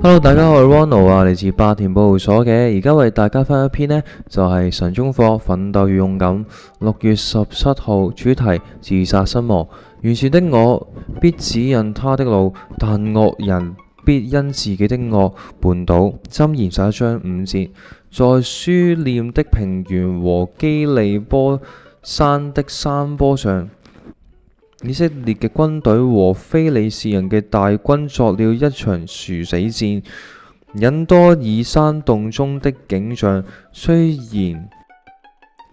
Hello，大家好，我係 Wano 啊，嚟自百田保護所嘅，而家為大家翻一篇呢，就係、是、神中課奮鬥與勇敢。六月十七號主題自殺身亡，完全的我必指引他的路，但惡人。必因自己的惡絆倒。箴言十一章五節，在書念的平原和基利波山的山坡上，以色列嘅軍隊和非利士人嘅大軍作了一場殊死戰。隱多珥山洞中的景象，雖然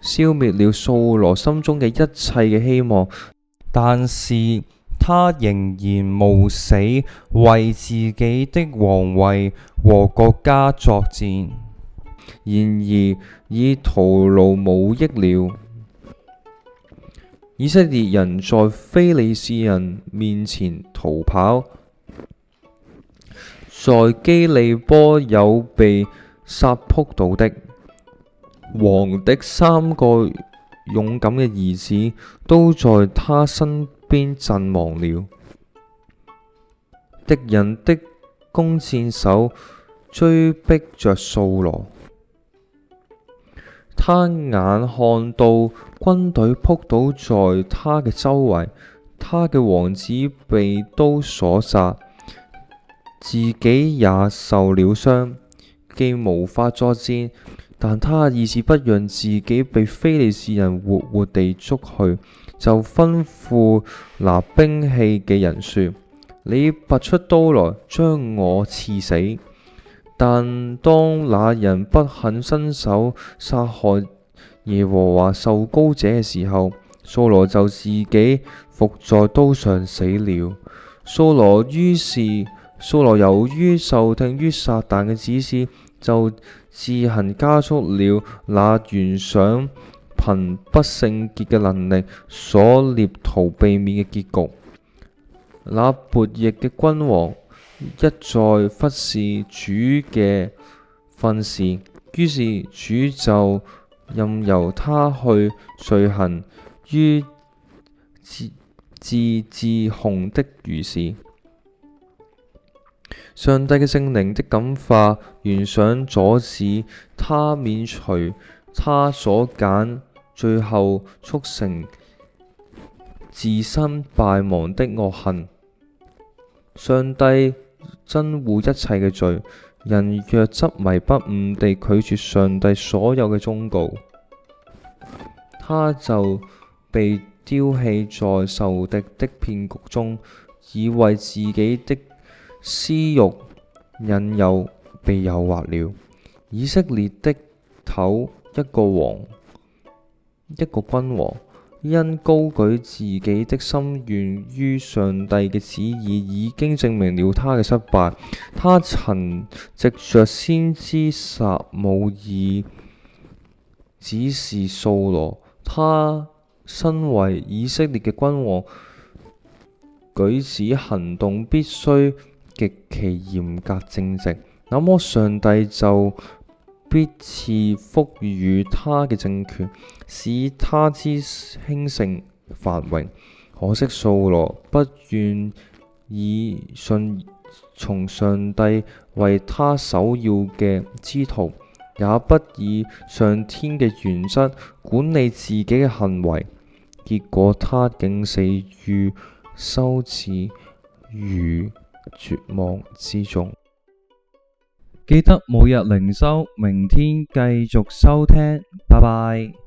消滅了掃羅心中嘅一切嘅希望，但是，他仍然冒死為自己的王位和國家作戰，然而已徒勞無益了。以色列人在非利士人面前逃跑，在基利波有被殺仆倒的王的三個勇敢嘅兒子都在他身。陣亡了。敵人的弓箭手追逼着掃羅，他眼看到軍隊撲倒在他嘅周圍，他嘅王子被刀所殺，自己也受了傷，既無法作戰，但他意志不讓自己被非利士人活活地捉去。就吩咐拿兵器嘅人說：你拔出刀來，將我刺死。但當那人不肯伸手殺害耶和華受膏者嘅時候，掃羅就自己伏在刀上死了。掃羅於是，掃羅由於受聽於撒旦嘅指示，就自行加速了那懸賞。憑不聖潔嘅能力所力圖避免嘅結局，那悖逆嘅君王一再忽視主嘅訓示，於是主就任由他去遂行於自自自控的愚事，上帝嘅聖靈的感化原想阻止他免除。他所揀最後促成自身敗亡的惡行，上帝憎惡一切嘅罪，人若執迷不悟地拒絕上帝所有嘅忠告，他就被丟棄在仇敵的騙局中，以為自己的私欲引誘被誘惑了。以色列的頭。一個王，一個君王，因高舉自己的心願於上帝嘅旨意，已經證明了他嘅失敗。他曾藉着先知撒母耳指示掃羅，他身為以色列嘅君王，舉止行動必須極其嚴格正直。那麼上帝就？必賜福於他嘅政權，使他之興盛繁榮。可惜掃羅不願以順從上帝為他首要嘅之徒，也不以上天嘅原則管理自己嘅行為，結果他竟死於羞恥與絕望之中。記得每日靈修，明天繼續收聽，拜拜。